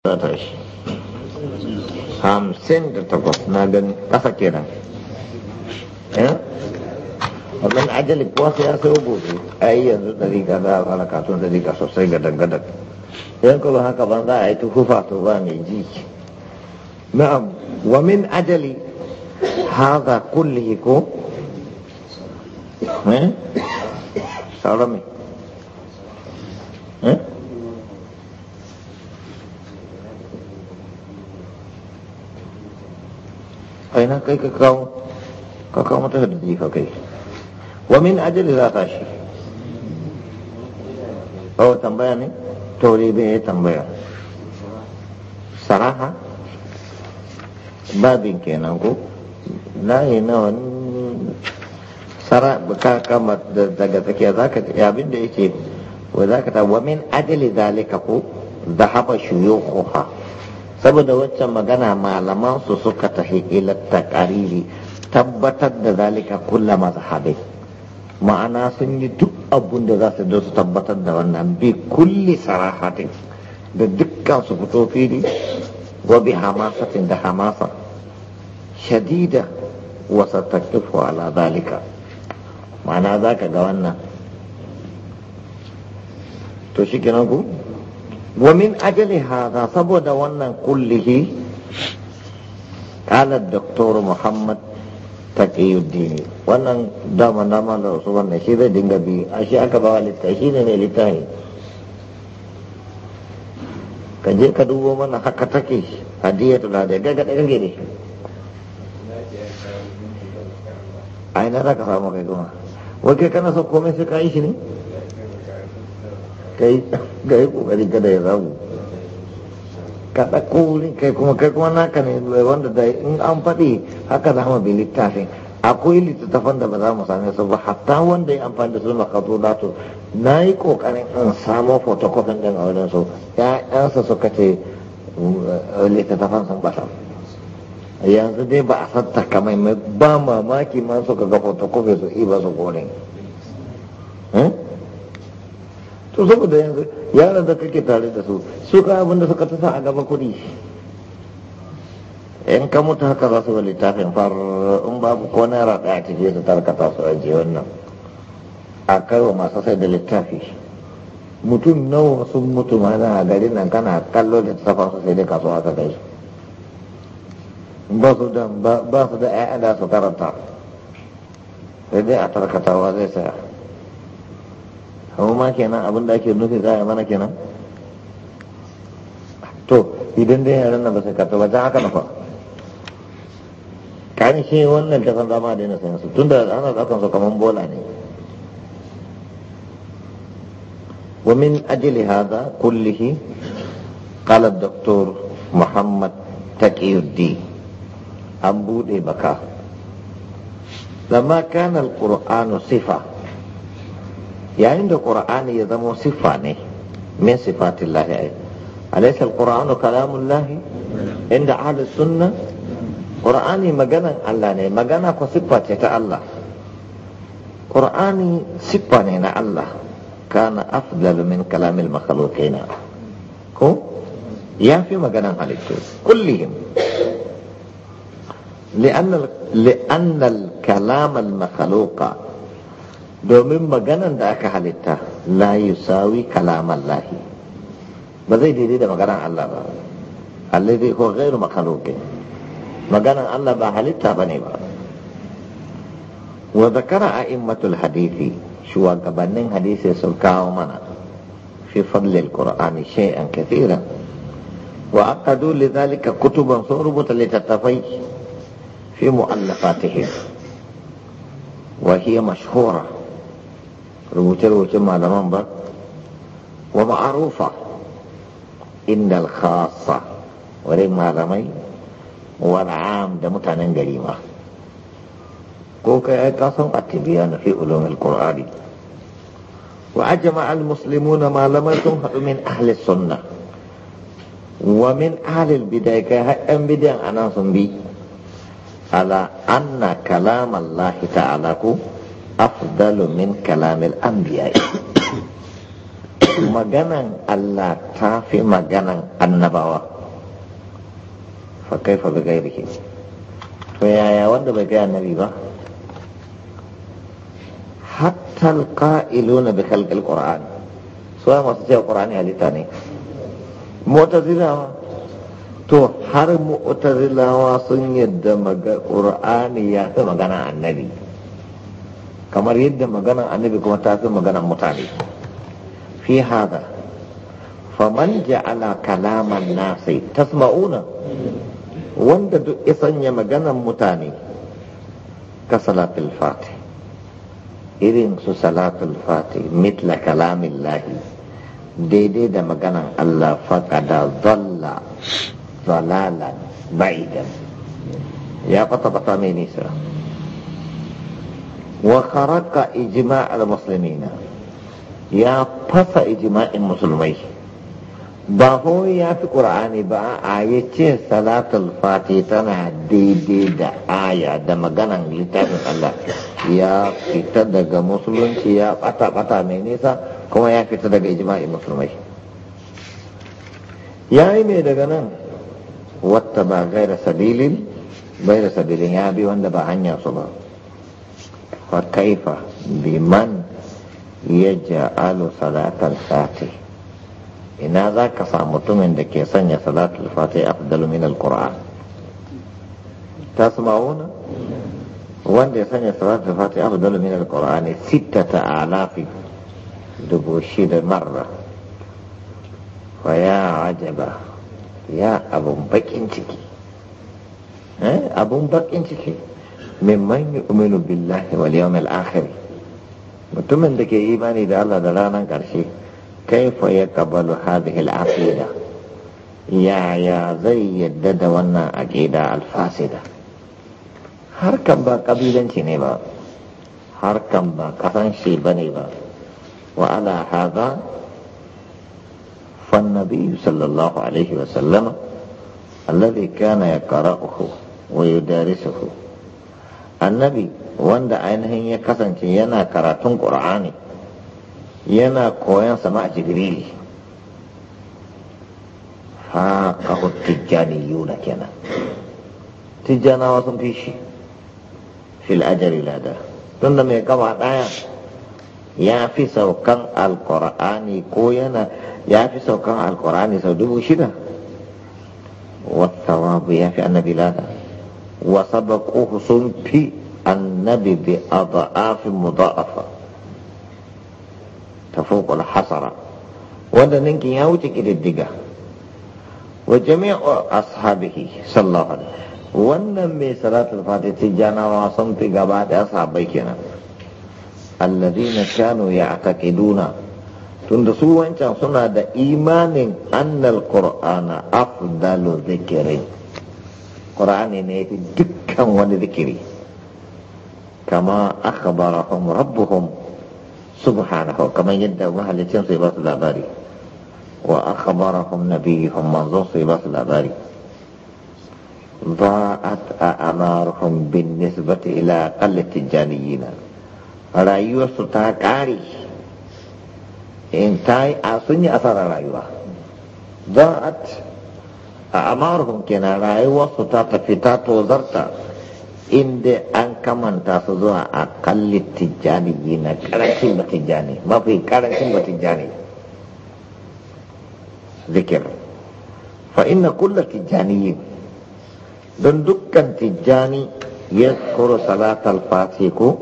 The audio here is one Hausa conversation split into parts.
tashi hamsin da takwas na gani kasa kenan wannan ajali kuwa sai ya, ya sayo Ayya a yi yanzu ɗari ga za a fara katon gadang ga sosai ga dangadan yan kuma haka ban za a yi tufufa to ba mai ji na'am wa min ajali haza kullihi ko eh sauran eh kai na kai ka kawo ka kawo mata da jifa kai wa min ajali za ta shi oh tambaya ne tauri bai ya tambaya saraha babin kenan ko na yi nawa sara ka kama daga tsakiya za ka abin da yake wa za ka ta wa min ajali zalika ko ذهب شيوخها saboda waccan magana malaman su suka tafi ila takariri tabbatar da zalika kulla mazhabi ma'ana sun yi duk abun da za su su tabbatar da wannan bi kulli sarahatin da dukkan su fito fili wa bi hamasatin da hamasa shadida wa satakifu ala zalika ma'ana za ka ga wannan to shi kenan ku ومن أجل هذا صبود ونن كله قال الدكتور محمد تقي الدين ونن دام دام الله سبحانه شيء دينغ بي أشياء كبالي تشين نلتاي kaje ka dubo mana haka take hadiya tana da gaga da gange ne ai na za ka samu kai kuma wai kai kana so komai sai ka yi shi ne kai da ya kokari kada ya samu ka ɗauko wurin kai kuma kai kuma naka ne wanda da in an faɗi haka za mu bi littafin akwai littattafan da ba za mu same su ba hatta wanda ya amfani da su makato dato na yi kokarin in samo fotokofin din a wurin su ya'yansa suka ce littattafan sun ɓata yanzu dai ba a santa mai ba mamaki ma suka ga fotokofin su iba su kore hmm? to saboda yanzu yaran da kake tare da su su ka abin da suka tasa a gaba kuɗi in ka mutu haka za su ga littafin far in babu ko naira ɗaya tafiye su tarkata su ajiye wannan a kai masu sai da littafi mutum nawa sun mutu na a garin nan kana kallo da safa su sai dai kasuwa ka kai ba su da ba su da ƴaƴa da su karanta sai dai a tarkatawa zai saya mu ma kenan abin da ake nufi za a mana kenan to idan dai yaran nan ba su karta ba za haka na fa shi wannan tafan zama da yana sayan su da ana zakan su kaman bola ne ومن أجل هذا كله قال الدكتور محمد تقي الدين أبو بكاء لما كان القرآن صفة yayin da ƙura'ani ya zama siffa ne min sifatin lahi ai alaisa alƙura'anu kalamun lahi inda ahli sunna ƙura'ani maganan Allah ne magana ko siffa ce ta Allah ƙura'ani siffa ne na Allah kana afdal min kalamil makhluqina ko ya fi maganan halittu kullihim لأن, ال... لأن الكلام المخلوق domin maganan da aka halitta la yusawi kalaman lahi ba zai daidai da maganan Allah ba Allah ko gairu makalokin maganan Allah ba halitta ba a ba wa zakara a hadithi shugabannin hadisi sun kawo mana fi fadlil qur'ani shay'an kathira wa aqadu lidhalika kutuban sun rubuta littattafai fi mu'allafatihim wa hiya mashhura rubuce-rubucen malaman ba wa ma'arufa inda alkhasa wurin malamai wal'am da mutanen gari ma ko kai ai kasan attibiya na fi al alqur'ani wa ajma almuslimuna malamai sun haɗu min ahli sunna wa min ahli albidai kai haɗan bidan anan sun bi ala anna kalam Allah ta'ala ku afdalu min kalamil anbiya maganan Allah ta fi maganan annabawa fa kaifa bi ghairihi to yaya wanda bai ga annabi ba hatta alqa'iluna bi khalqil qur'an so ya masu cewa qur'ani halitta ne mu'tazilawa to har mu'tazilawa sun yadda maga qur'ani ya fi magana annabi kamar yadda maganan annabi kuma ta fi maganan mutane fi hada faman ja'ala kalaman nasai tasma'una wanda duk ya sanya maganan mutane ka salatul fati irin su salatul fati mitla kalamin lahi daidai da maganan Allah faƙada zalla zalala ba'idan ya kwata-kwata mai nisa wakaraka ijma'al muslimina ya fasa ijima'in musulmai ba kuma ya fi ƙura'ani ba a yi ce salatul fati tana daidai da aya da maganan littafin Allah ya fita daga musulunci ya fata bata mai nisa kuma ya fita daga ijima'in musulmai ya yi mai daga nan wata ba gaira sabilin gaira sabilin ya bi wanda ba hanya su ba Fa biman bi man yajja alu salatan sati, ina za ka sa mutumin da ke sanya salatar fati a abuɗalimin al Ta suma wuna wanda ya sanya salatar fati a abudalamin Al-ƙur'ani sita ta alafi dubu shida marna? Fa ya waje ya abin baƙin ciki? eh abin baƙin ciki? ممن يؤمن بالله واليوم الآخر متمن دك إيمان إذا الله دلانا قرشي كيف يقبل هذه العقيدة يا يا زي يدد ونا عقيدة الفاسدة هر با قبيلا با هر با قفنشي بني با وعلى هذا فالنبي صلى الله عليه وسلم الذي كان يقرأه ويدارسه annabi wanda ainihin ya kasance yana karatun ƙur'ani yana koyon sama a jibrili ha kahu tijjani yuna kenan tijjanawa sun fi shi fil ajari lada tun da mai gaba ɗaya ya fi saukan alƙur'ani ko yana ya fi saukan alƙur'ani sau dubu shida wata wabu ya fi annabi lada wa sabaquhu sun fi annabi bi adafin mudha'afa tafuq al-hasara wanda ninkin ya wuce kididdiga wa jami'u ashabihi sallallahu alaihi wannan mai salatul fatih tijjanawa sun fi gaba da sahabbai kenan alladhina kanu ya'taqiduna tunda su wancan suna da imanin annal qur'ana afdalu dhikrin ƙur'ani ne yafi dukkan wani zikiri kama akhbarahum rabbuhum subhanahu kaman yadda mahallicin sai ba su labari wa akhbarahum nabiyuhum manzon sai ba su labari ضاءت أعمارهم بالنسبة إلى أقل التجانيين رأيوه ستاكاري إن تاي أصني أثر رأيوه ضاءت a amarhum kenan rayuwarsu ta tafi ta tozarta inda an kamanta su zuwa a kalli tijjani na karancin batijjani mafi karancin batijjani zikir fa inna kulla tijjaniyin don dukkan tijjani ya kuro salatar fasiku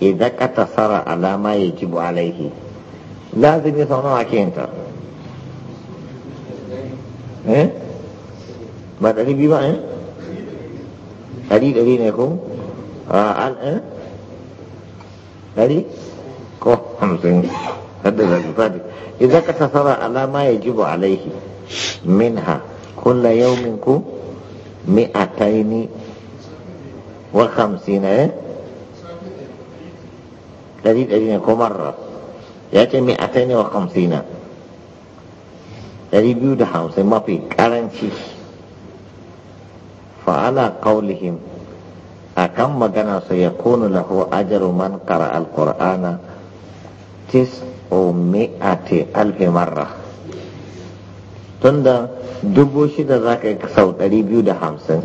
idan ka tasara alama ya jibu alaihi lazimi sau nawa kenta eh ba ɗari biyu ba eh ɗari ɗari ne ko an eh ɗari ko hamsin hadda zafi fadi idan ka tasara alama ya jibo alaihi minha kulla yaumin ku mi'ataini wa hamsina eh ɗari ɗari ne ko marar ya ce mi'ataini wa hamsina Dari biyu da hamsin mafi karanci. fa'ala ƙaulihim a kan magana su ya kone lahu ajaru man kara alƙur'ana tis o mi'ati alfi marra tunda dubu shida za ka yi dari ɗari biyu da hamsin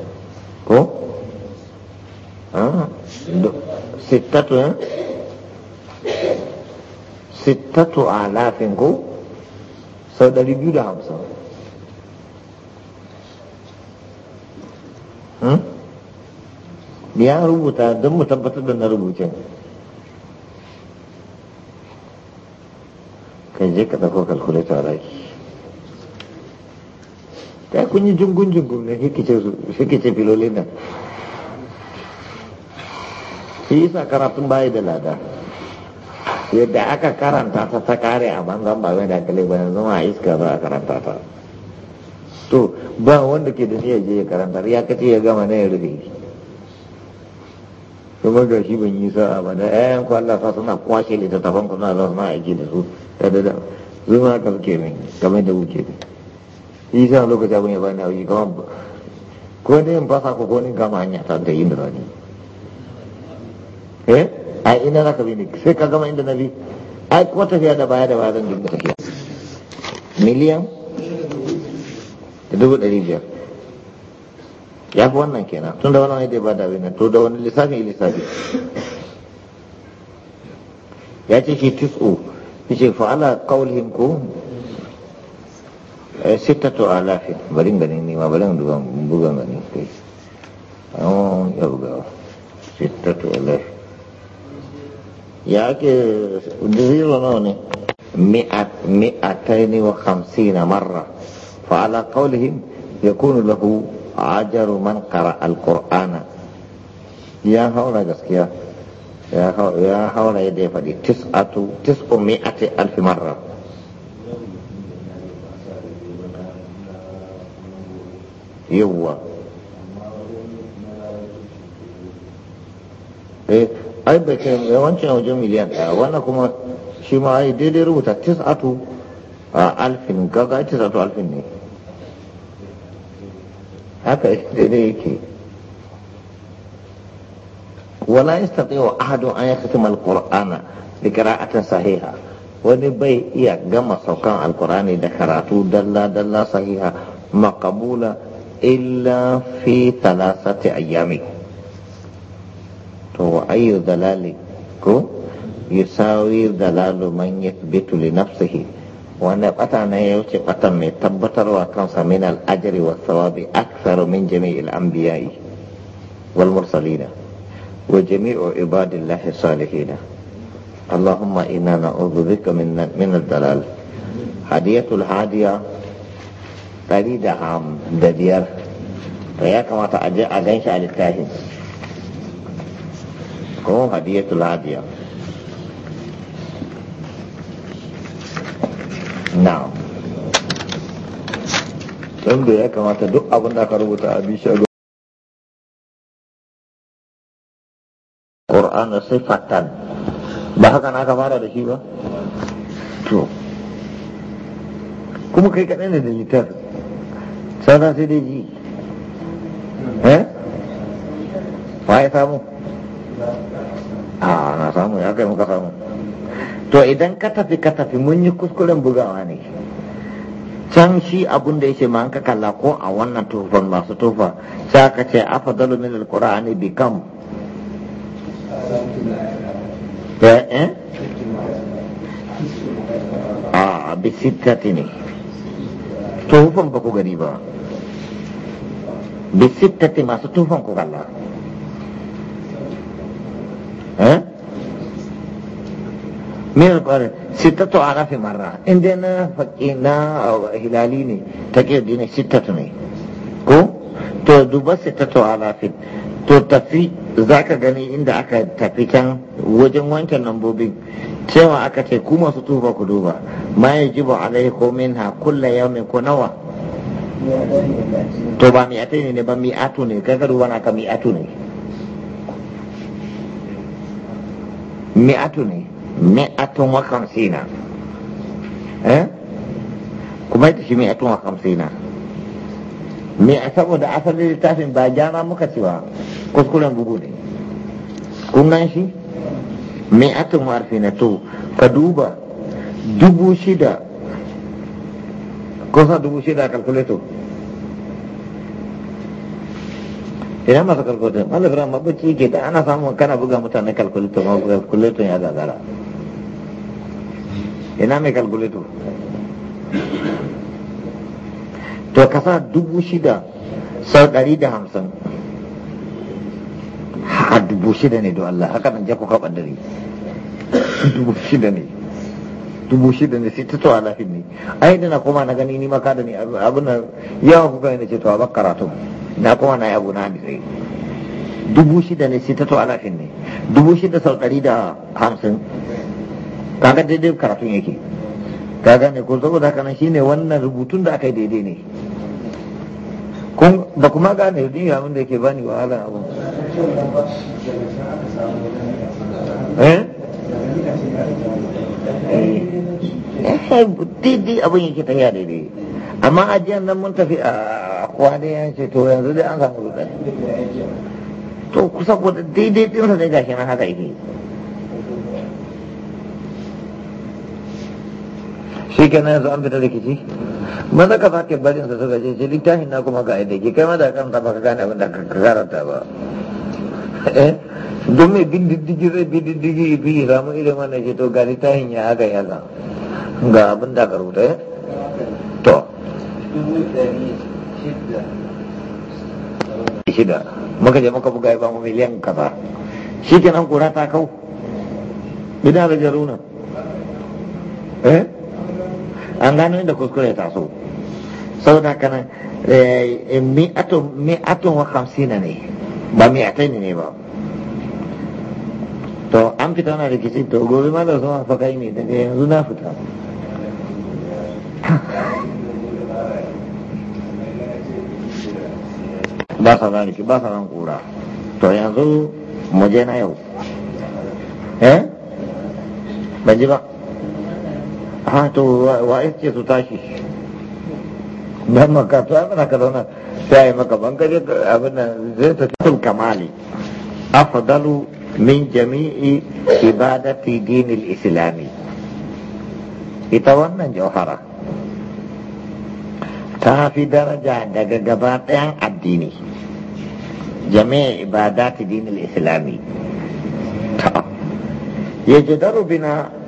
sitatu Sitatu sittatu alafin ko? sau 250 ya hmm? rubuta don mu tabbatar da na rubuce ka je ka ɗauko kalkulata a raki ta kun yi jungun jungun ne shi ce filolin nan shi isa karatun baya da lada yadda aka karanta ta ta kare a banzan ba mai dakale ba yanzu ma iska za a karanta ta to ba wanda ke da niyyar je ya karanta ya kace ya gama na ya rufe kuma ga shi ban yi sa'a ba da ƴaƴan ku Allah fa suna kwashe littattafan ku na za su na aiki da su da da da zuma ka suke min kamar da kuke da yi sa lokaci abin ya bani auki kamar ko ne in fasa ko ne gama hanya ta da yin da a ina za ka bi ne sai inda na bi ai kuma tafiya da baya da baya zan dinga tafiya miliyan da dubu ɗari biyar ya fi wannan kenan tun da wannan wani dai ba da wani eh, to da wani lissafi lissafi ya ce shi tis'u ya ce fa'ala kawulhin ko sittatu alafin bari gani ne ma bari bugan gani kai oh, ya bugawa sittatu alafin yake ke zero nawa ne mi'ataini wa khamsina marra fa ala kunu yakunu lahu ajaru man qara alqur'ana ya haura gaskiya ya haura yadda ya faɗi tis'atu tis'u mi'ati alfi ai bai kai yawancin wajen miliyan ɗaya wannan kuma shi ma ai daidai rubuta tis'atu a alfin gaga tis'atu alfin ne haka daidai yake wala wa ahadun an yaktima alqur'ana bi qira'atin sahiha wani bai iya gama saukan alqur'ani da karatu dalla dalla sahiha maqbula illa fi thalathati ayyamin to wa ayyu dalali ko yusawi dalalu man yathbitu li nafsihi wanda bata na ya wuce batan mai tabbatarwa kansa min al ajri wa thawabi aktharu min jami'il anbiya'i wal mursalina wa jami'u ibadillahi salihina اللهم إنا نعوذ بك من من الدلال هدية الهادية تريد عام ددير فياك ما تأجي أجنش على الكاهن ko hadiyatul hadiya na'am da ya kamata duk abin da aka rubuta a bishiyar sai sifatan ba haka na ka fara da shi ba to kuma kai kaɗai ne da jitar sauran sai dai ji eh wa ya samu Ah, na samu ya kai muka samu to idan ka tafi ka tafi mun yi kuskuren bugawa ne can shi abun da yake ma an ka kalla ko a wannan tufan masu tufa sai aka ce afdalu min alqur'ani bi kam eh, eh? a ah, bi sittati ne tufan ba ku gani ba bi sittati masu tufan ku kalla mirbar sittatu arafi marra in dai na faƙi na hilali ne ta ne sittatu ne ko to duba sittatu arafi to tafi za ka gani inda aka tafi can wajen wancan lambobin cewa aka ce ku masu tuba ku duba ma ya ji ba alai ko min ha kulla yau mai ko nawa to ba mi'atai ne ba mi'atu ne kaga duba na ka mi'atu ne mi'atu ne mi'atun wa kamsina eh kuma ita shi mi'atun wa me saboda asalin littafin ba gyara muka cewa kuskuren bugu ne kun gan shi mi'atun wa arfina to ka duba dubu shida kusa dubu shida kalkuleto idan masu kalkuleto malabira mabaci ke da ana samun kana buga mutane kalkuleto ma kalkuleto ya gagara ina mai kalkuleto to ka sa dubu shida sau ɗari da hamsin a dubu shida ne don Allah haka nan jako ka dare dubu shida ne dubu shida ne sai ta tawa lafin ne ai da na koma na gani ni maka da ne abin na yawa kuka yana ce tawa bak karatu na koma na yi abu na hadisai dubu shida ne sai ta tawa lafin ne dubu shida sau ɗari da hamsin kaga daidai karatun yake kaga ne ko saboda haka nan shine wannan rubutun da aka yi daidai ne kun da kuma gane din ya da yake bani wahala abu eh? Eh, eh daidai abin yake tafiya daidai amma ajiyar nan mun tafi a kwane ya ce to yanzu dai an samu rudani to kusa ko daidai ɗinsa ne gashi na haka yake shi nan yanzu an fita rikici maza ka sake barin sa suka ce littafin na kuma ga aiki ke kai ma da kan ta baka gane abin da ka karanta ba eh? don mai bin diddigi zai bi diddigi bi ramu irin wannan shi to ga littafin ya haka ya ga ga abin da ka rubuta eh? to shida muka je muka buga ba mu miliyan kaza shi nan kura ta kau bidan da jaruna eh an gano inda kuskure ta so saboda kana e, e, mi'atun wa hamsina ne ba mi'atai ni ba to an fita wani rikici to gobe mada da sama fa kai ne daga yanzu na fita ba sa ran ba sa kura to yanzu mu je na yau eh Benjibak. ha to wa ce su tashi dan maka to mana ka zauna sai ai maka ban abin nan zai ta tul kamali afdalu min jami'i ibadati dinil islami ita wannan jauhara ta fi daraja daga gaba ɗayan addini jami'i ibadati dinil islami ya jadaru bina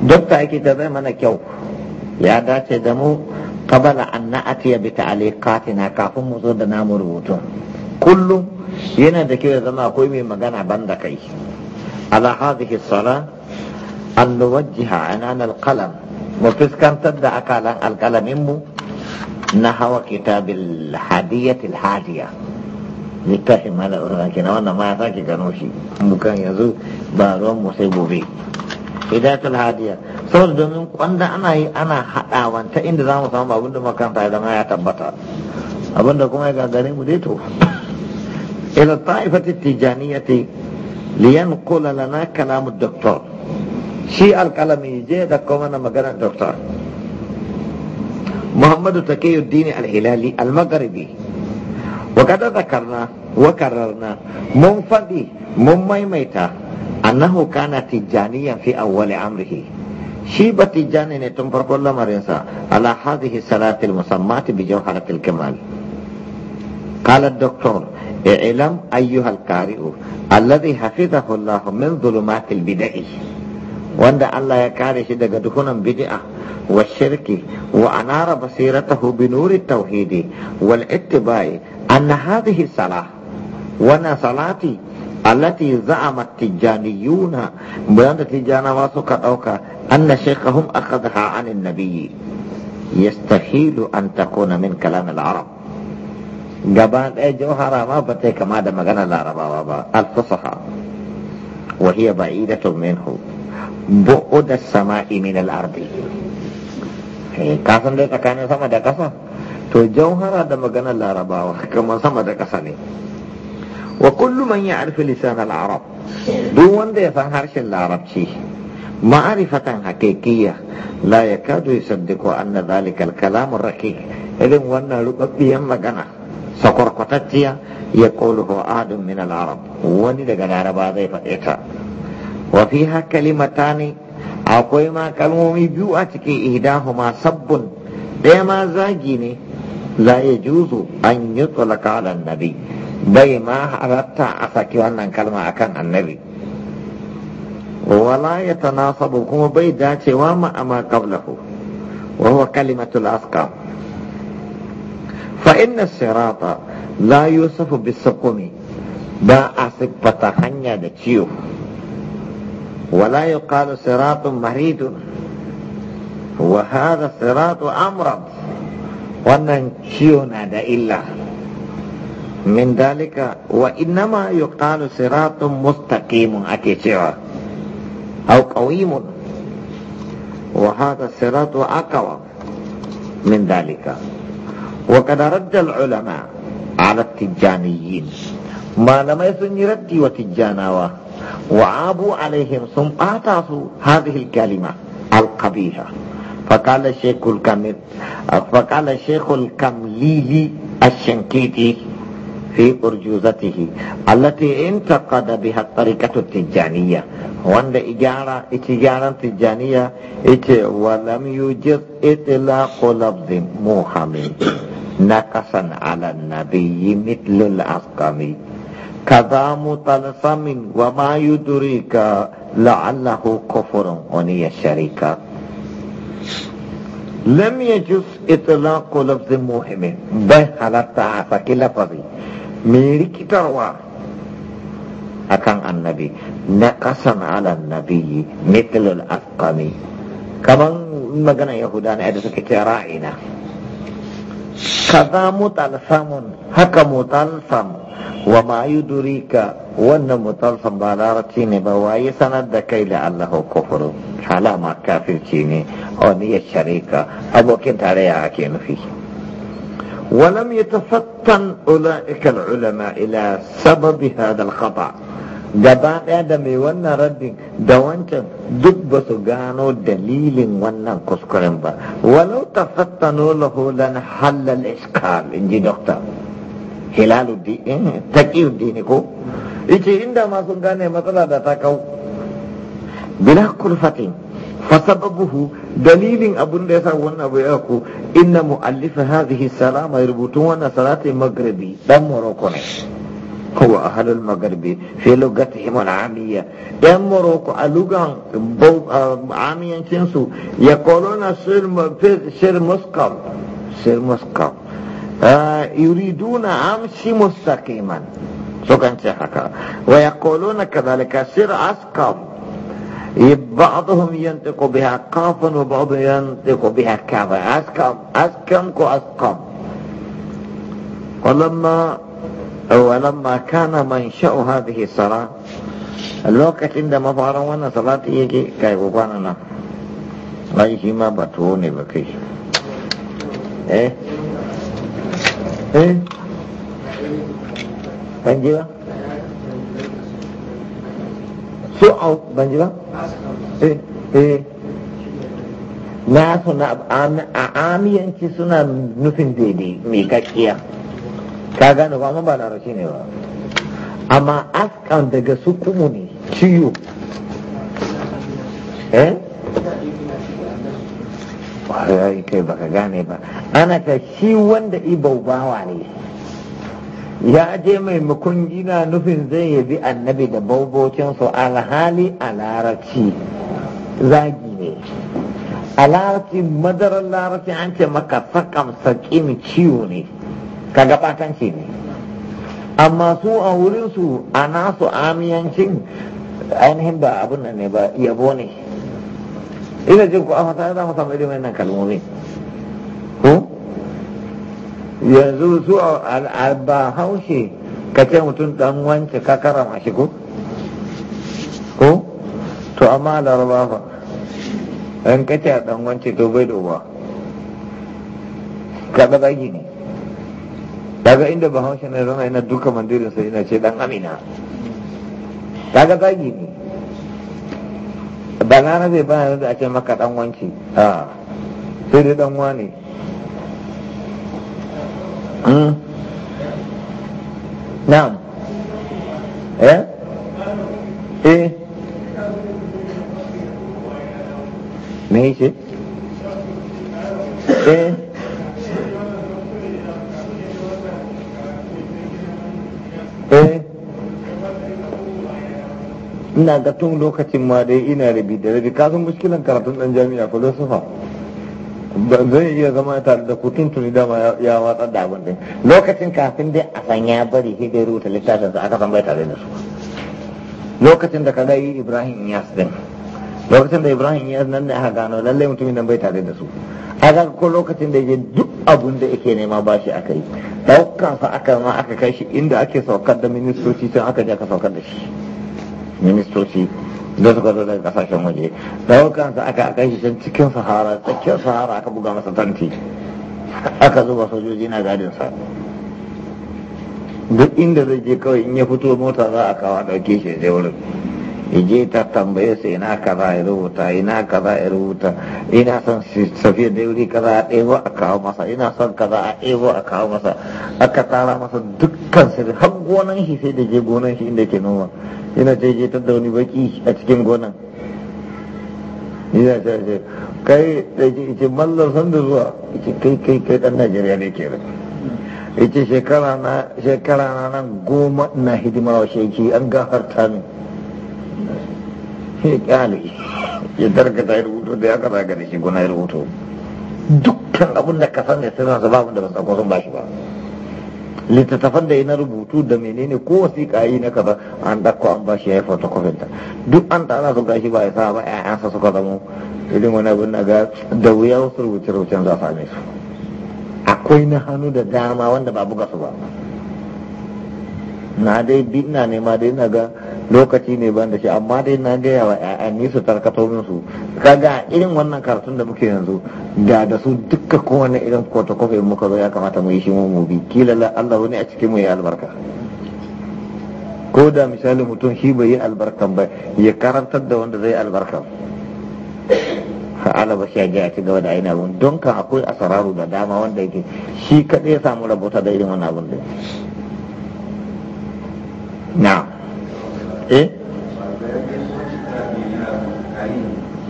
duk da yake da zai mana kyau ya dace da mu kabala an ya bi ta'aliqatina kafin mu zo da namu rubutu. kullum yana da kyau ya zama akwai mai magana banda kai ala hadhihi sala an nuwajjiha anan alqalam mu fuskantar da akalan alqalamin mu na hawa kitabil hadiyatil hadiya littafin mala urana wannan ma ya sake gano shi bukan yanzu ba ruwan mu sai gobe hidayatul hadiya saboda domin kwanda ana yi ana haɗawan ta inda za mu samu abin da makaranta idan ya tabbata abin kuma ya gagare mu daito ila ta'ifati tijaniyati liyan kula lana kalamu doktor shi alkalami je da kuma na magana doktor muhammadu takiyuddin al-hilali al-magharibi وقد Mun faɗi, mun maimaita. annahu kana tijaniyan fi awwali amrihi shi ba tijani ne tun farkon lamarinsa ala hadhihi salatil musammati bi jawharatil kamal قال الدكتور اعلم أيها القارئ الذي حفظه الله من ظلمات البدع وند الله يكاري شدق دخونا بدعة والشرك وأنار بصيرته بنور التوحيد والاتباع أن هذه الصلاة وانا صلاتي allati za'amat tijaniyuna bayan da tijana ma suka dauka anna shaykhahum akhadha 'an an-nabiyyi yastahilu an takuna min kalam al-arab gaba ɗaya jauhara ma ba tai kama da maganar larabawa ba al-fasaha wa hiya ba'idatu minhu بعد السماء من الأرض كاسم ليس كان سما دكسا da جوهرة larabawa kama sama da ƙasa ne. wa kullu man ya'rifu lisan al-arab duk wanda ya san harshen larabci ma'arifatan haqiqiyya la yakadu yusaddiqu anna dhalika al-kalam ar-raqiq irin wannan rubabbiyan magana sakwarkwatacciya ya kolu ko adun min al-arab wani daga laraba zai faɗe ta wa fiha kalimatani akwai ma kalmomi biyu a cikin ihdahuma sabbun ɗaya ma zagi ne la yajuzu an yutlaka ala nabi bai ma halatta a saki wannan kalma akan annabi wala ya tanasabu kuma bai dacewa ma amma qablahu wa huwa kalimatul aska. fa inna sirata la yusafu bisukumi ba a siffata hanya da ciwo wala yuqalu siratun maridun wa hadha siratu amrad wannan ciwo na da illa من ذلك وإنما يقال صراط مستقيم أكيشيوا أو قويم وهذا الصراط أقوى من ذلك وقد رد العلماء على التجانيين ما لم يسن يردي وتجاناوا وعابوا عليهم ثم آتاسوا هذه الكلمة القبيحة فقال الشيخ الكمل فقال الشيخ الكمليلي الشنكيتي في أرجوزته التي انتقد بها الطريقة التجانية وعند إجارة إتجارة تجانية إت ولم يوجد إطلاق لفظ موهم نقصا على النبي مثل الأسقمي كذا متلصم وما يدريك لعله كفر أني الشريك لم يجوز إطلاق لفظ موهم بل حلت عفك لفظي mai rikitarwa akan annabi na ƙasan alan nabi mitlul akami kaman magana yahuda na yadda suka ce ra'ina kaza samun haka sam wa ma ka wannan sam ba larabci ne ba waye sanar da kai da allahu kufuru halama kafirci ne wani ya sharika abokin tare ya ake nufi ولم يتفطن أولئك العلماء إلى سبب هذا الخطأ gaba ɗaya da mai wannan raddin da wancan duk ba su gano dalilin wannan kuskuren ba walau ta fattano lahu lan halal iskal in ji dokta hilaluddin taqiyuddin ko yace inda ma sun gane matsala da ta kau bila kulfatin فسببه دليل abun ديسا ya sa wannan abu ya ku inna mu'allifa hadhihi salama rubutun wannan هو أهل المغربي في لغتهم العامية دم يمرق اللغة عاميا كنسو يقولون سير سير مسقم سير مسقم آه يريدون أمشي مستقيما سو كان ويقولون كذلك سير أسقم إيه، بعضهم ينطق بها قافا وبعضهم ينطق بها كافا أسكم أسكم اسكم ولما ولما كان منشأ هذه الصلاة الوقت عندما فاروانا صلاة يجي كيف فاننا لا شيء ما بتوني بكيش إيه إيه تنجيبه So au oh, ban ji ba eh eh na suna a amiyanci suna nufin daidai mai kakkiya ka gane ba amma ba larabci ne ba amma askan daga su kuma ne ciyo eh kai ba ka gane ba ana ta shi wanda ibau bawa ne ya je maimakon gina nufin zai bi annabi da baubocinsu alhali a larabci zagi ne a larabci madarar larabci an ce maka sakam sakim ciwo ne ka gabatanci ne amma su a wurinsu a nasu amiyancin ainihin ba abin nan ne ba yabo ne ina jin ku a fata za mu samu irin wannan kalmomi yanzu su ba haushe ka ce mutum dan wance ka karama shi ko ko to amma laraba fa in ka ce dan wance to bai doba ka ga zagi ne daga inda ba haushe ne zama yana duka mandirin sai ina ce dan amina ga zagi ne ba na zai ba da ake maka dan wanci a sai dai dan wane Hmm? na'am eh eh me yake eh? eh ina ga tun lokacin ma dai ina rabi da rabi kasan muskilan karatun dan jami'a ko da sufa zai iya zama tare da kutun tuni dama ya watsar da abin lokacin kafin dai a san ya bari sai dai rubuta littafin aka san bai tare da su lokacin da kaga yi Ibrahim Iyas din lokacin da Ibrahim ya nan ne aka gano lalle mutumin nan bai tare da su A aka ko lokacin da ya duk abun da yake nema ba shi aka yi daukan sa aka ma aka kai shi inda ake saukar da ministoci can aka je aka saukar da shi ministoci da suka daga kasashen waje daukansa aka kai shi can cikin sahara tsakiyar sahara aka buga masa tanti aka zuba sojoji na gadinsa duk inda zai je kawai in ya fito mota za a kawo a ɗauke shi zai wurin je ta tambaye sai ina kaza ya rubuta ina kaza ya rubuta ina son safiya da wuri kaza a ɗebo a kawo masa ina son kaza a ɗebo a kawo masa aka tara masa dukkan sirri har gonan shi sai da je gonan shi inda ke noma yana daidaitar da wani baki a cikin gona. yana ce kai da ke ce mallar san da zuwa kai kai kai dan najeriya ne ke rai. yace shekara na shekara na nan goma na hidima wa sheki an gafarta min sai kyale ya dargata ya rubuto da ya kaza gani shi gona ya rubuto dukkan abin da ka sani sai na su da ba tsakon sun ba shi ba littattafan da na rubutu da menene ko wasiƙa yi na kaza an dakko an ba ya yi photocopy ta duk an ta ana su gashi ba ya sa ba ƴaƴansa suka zamo irin wani abin na ga da wuya wasu rubuce rubucen za same su akwai na hannu da dama wanda ba buga su ba na dai bi ina nema dai na ga lokaci ne ban da shi amma dai na gaya wa ƴaƴan ni su tarkato min su kaga irin wannan karatun da muke yanzu da da su duka kowane irin in muka zo ya kamata mu yi shi mu bi kila la Allah wani a cikin mu ya albarka ko da misali mutum shi bai yi albarkan ba ya karantar da wanda zai albarkan fa'ala ba shi ya ci gaba da aina abun don ka akwai asararu da dama wanda yake shi kaɗai ya samu rabota da irin wannan abun Na. na'am eh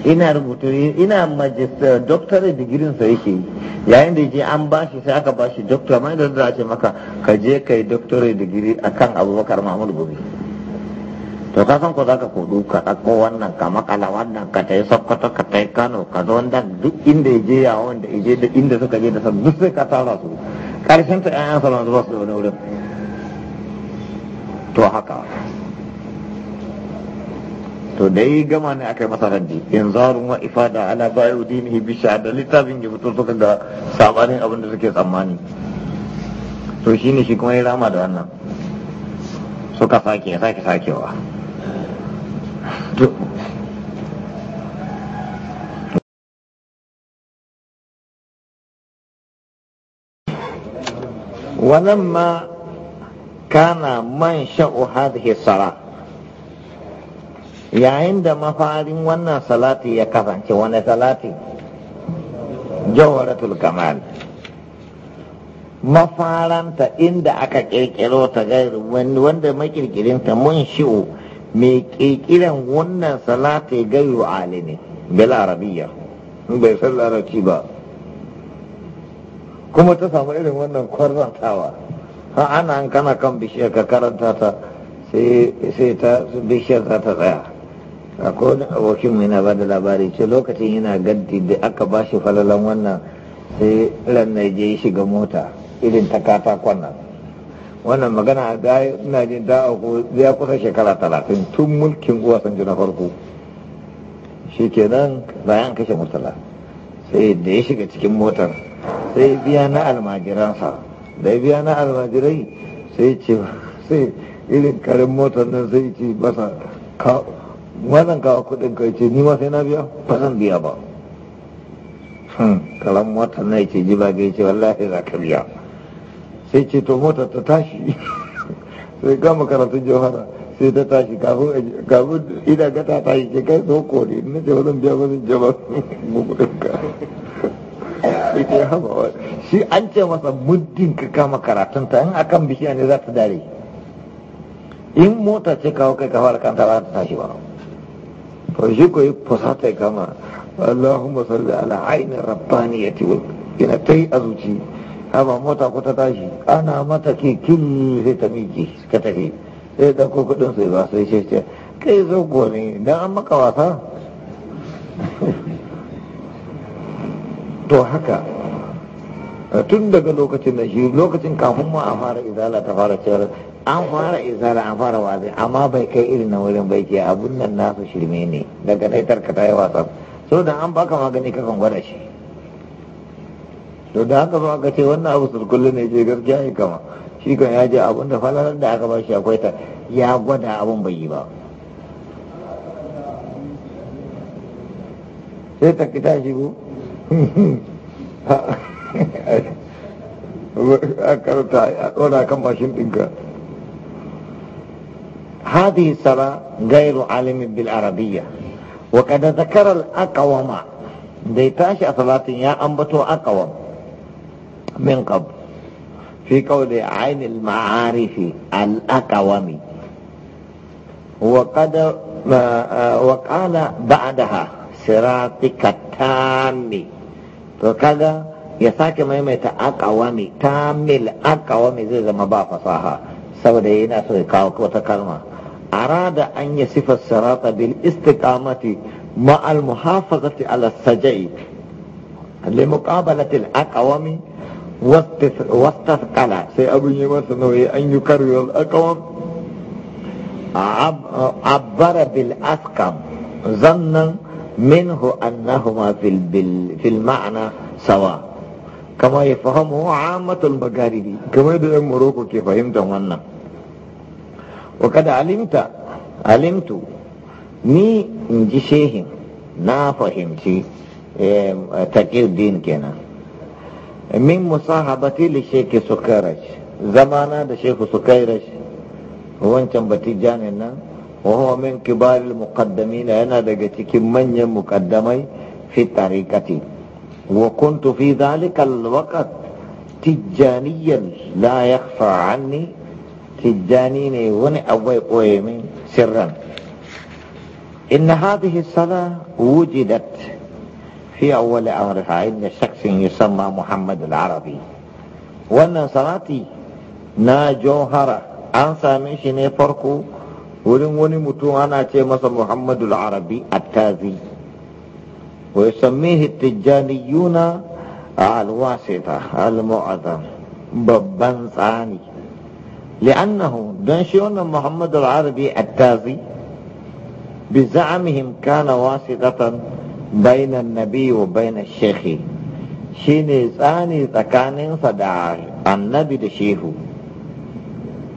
ina rubutu ina magister doctorate digirin sa yake yayin da yake an bashi sai aka bashi doctor amma da za a ce maka ka je kai doctorate digiri akan abubakar mahmud gobe to ka san ko za ka kudu ka ko wannan ka makala wannan ka ta yi sokoto ka ta yi kano ka zo wanda duk inda ya je yawon da je inda suka je da san duk sai ka tara su karshen ta 'ya'yan salon zuwa su da wani wurin to haka to da yi gama ne aka yi masa raddi in zarun wa ifada ana bayu dinihi bi da littafin ya fito suka ga sabanin abin da suke tsammani to shi ne shi kuma ya rama da wannan suka sake sake sakewa ولما كان sha'u هذه الصلاة yayin da mafarin wannan salati ya kasance wani salati jawaratul kamal mafaranta inda aka kirkiro ta gairu wanda makirkirinta mun shi'u mai kirkiran wannan salati gairu alini bil arabiya bai san larabci ba kuma ta samu irin wannan kwarantawa. ha ana an kana kan bishiyar ka karanta ta sai ta bishiyar za ta tsaya akwai wani abokin mai na ba da labari ce lokacin yana gaddi da aka ba shi falalan wannan sai ran na je shiga mota irin ta katakon nan wannan magana da ina jin da ya kusa shekara talatin tun mulkin uwa san na farko shi kenan bayan kashe murtala sai da ya shiga cikin motar sai biya na almajiransa da ya biya na almajirai sai ce sai irin karin motar nan sai ce basa wannan kawo kudin kai ce ni ma sai na biya ba zan biya ba hmm, kalan mota na ce ji ba ga ce wallahi za ka biya sai ce to mota ta tashi sai gama karatun jauhara sai ta tashi kafin ina ga ta tashi ke kai so kore na ce wajen biya wajen jama kudin ka sai ce haba shi an ce masa muddin ka kama karatun ta in akan bishiya ne za ta dare in mota ce kawo kai ka kanta ba ta tashi ba وشكو فساتي كما اللهم صل على عين الربانية ina ta yi a zuci amma mota ko ta tashi ana mata kikin sai ta miƙe ka tafi sai da ko kudin sai ba sai ce kai zo gone dan an maka wasa to haka tun daga lokacin da shi lokacin kafin ma a fara izala ta fara cewar an fara izala an fara wazi amma bai kai irin na wurin bai ke abun nan nasu shirme ne daga dai ta yi wasa so da an baka magani kakan gwada shi to da haka ba ka ce wannan abu sulkullu ne je gaskiya ya kama shi kan ya je abun da falalar da aka ba shi akwai ta ya gwada abun bai yi ba sai ta kita shi ko هذه الصلاة غير عالم بالعربية وقد ذكر الأقوم ديتاش صلاة يا أنبتو أقوم من قبل في قول عين المعارف الأقوم وقد وقال بعدها صراطك التام وكذا ya sake maimaita akawami tamil akawami zai zama ba fasaha saboda yana so ya kawo wata kalma arada an yi sifar sarata bil istiqamati ma'al muhafazati ala sajai لمقابلة الأقوام واستثقل سي أبو يمسنوي أن يكرر الأقوام عبر بالأسقم ظنا منه أنهما في, في المعنى سواء kama ya fahimu amatul bagaridi kamar da yan morocco ke fahimtar wannan wa kada alimta alimtu ni in ji shehin na fahimci eh, din kenan min musahabati li sheki sukairaj zamana da shehu sukairaj wancan batijanin nan wa huwa min kibaril muqaddamin yana daga cikin manyan muqaddamai fi tariqati وكنت في ذلك الوقت تجانيا لا يخفى عني تجاني ون أبوي قويمي سرا إن هذه الصلاة وجدت في أول أمرها عند شخص يسمى محمد العربي وأن صلاتي نا جوهرة أنسى ميشي ني فرقو ولن متو أنا محمد العربي التازي ويسميه التجانيون الواسطة المعظم ببن ثاني لأنه دنشون محمد العربي التازي بزعمهم كان واسطة بين النبي وبين الشيخ شيني ثاني تكانين صدع النبي دشيه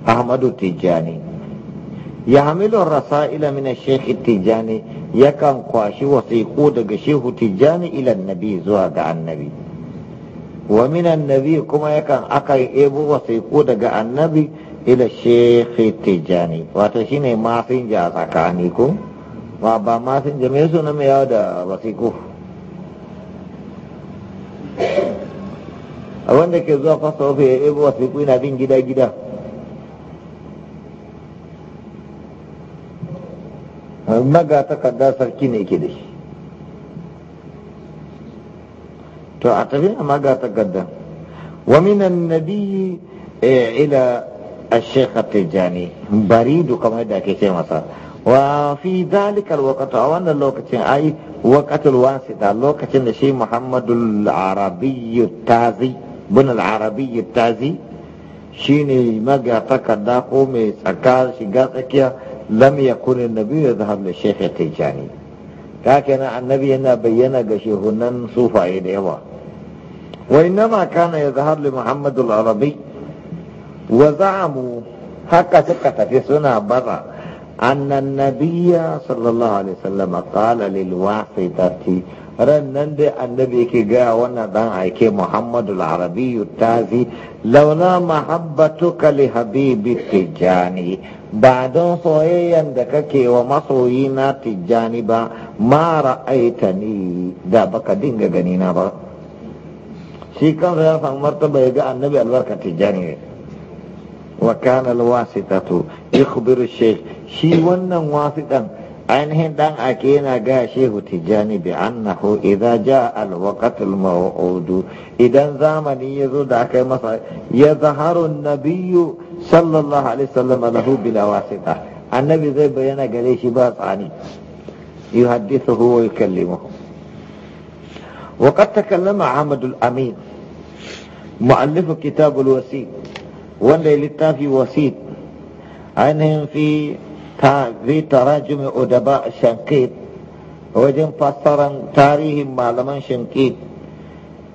أحمد التجاني ya hamilu rasa'ila min shekhi tijjani yakan kwashi wasiƙu daga shehu tijjani ilan nabi zuwa ga annabi wa minan nabi kuma yakan aka ebo wasiƙu daga annabi ila shekhi tijjani wato shine masinja a tsakani ko ba ba masinja me suna mai yawa da wasiƙu wanda ke zuwa fasa ofe ya ebo wasiƙu yana bin gida-gida maga takarda sarki ne ke da shi to a tafi a maga takarda wa minan nabiyyi ila الشيخ التجاني بريد كما يدعي شيء مثلا وفي ذلك الوقت وانا الوقت اي وقت الواسطة الوقت اللي شيء محمد العربي التازي بن العربي التازي شيني مجا تكدا قومي سكار شيغا سكيا lam yakun annabi yadhhab li shaykh tijani ka kenan annabi yana bayyana ga shehunan sufaye da yawa wa innama kana yadhhab li muhammad al-arabi wa za'amu haka suka tafi suna baza annan nabiyya sallallahu alaihi wasallam qala lil wasitati ran nan dai annabi yake gaya wannan dan aike muhammadu al-arabi tazi launa mahabbatuka li habibi Tijjani. ba don soyayyan da kake wa masoyi na tijjani ba ma ra'aitani da baka dinga gani ba shi kansa ya samu martaba ya ga annabi albarka tijjani ne wa kana alwasitatu Ikhbiru shaykh shi wannan wasitan ainihin dan ake yana ga shehu tijjani bi annahu idza jaa alwaqtul maw'ud idan zamani yazo da aka yi masa ya zaharu nabiyyu sallallahu alaihi wasallam lahu bila wasita annabi zai bayyana gare shi ba tsani yuhaddithuhu wa yukallimuhu وقد تكلم عمد الأمين مؤلف كتاب الوسيط وان للتافي وسيط عنهم في Ta zai taruwa jima'i a da Wajen fassara na malaman shanke.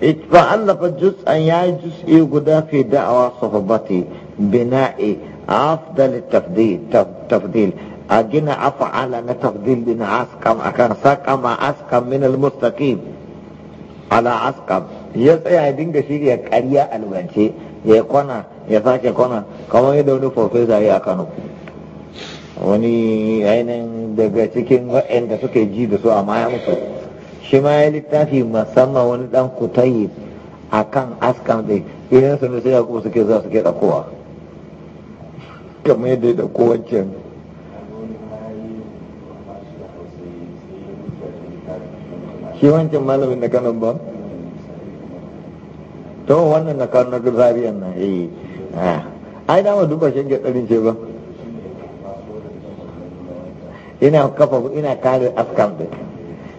Ita allafa jus a yin jus iyo guda fita a yin tsofaffi na binna'i na haɗari A gina haɗu na tafadil daga askan. Akan saka a askan min al-murtala ala askan. Ya tse a dinga shige karya alwance ya kwana ya sake kwana. kamar idanunka ofisaye zai yi a Kano. wani ainihin daga cikin waɗanda suke ji da su amma ya mutu shi ma ya littafi musamman wani dan kutayi a kan askan ɗin irin su ne sai kuma suke za suke ɗakowa kamar yadda ya ɗauko wancan shi wancan malamin na kanan ba to wannan na kanan na zariyan nan eh ah. ai dama duba shi ga ɗarin ce ba ina kafa ina kare askan da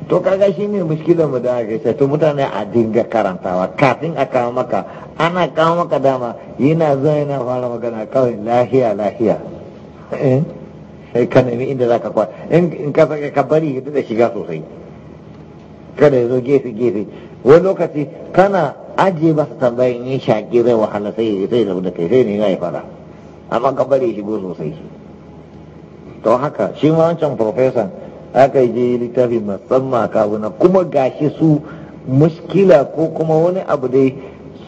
to kaga shi ne mushkilar mu da aka sai, to mutane a dinga karantawa kafin a kawo maka ana kawo maka dama yana zuwa yana fara magana kawai lahiya lahiya eh? sai ka nemi inda za ka kwa in ka saka ka bari da shiga sosai kada ya zo gefe gefe wani lokaci kana ajiye masa tambayin ya shaƙi zai wahala sai sai da kai sai ne ya yi fara amma ka bari ya shigo sosai to haka shi ma wancan profesa aka yi littafi musamman kawuna kuma gashi su muskila ko kuma wani abu dai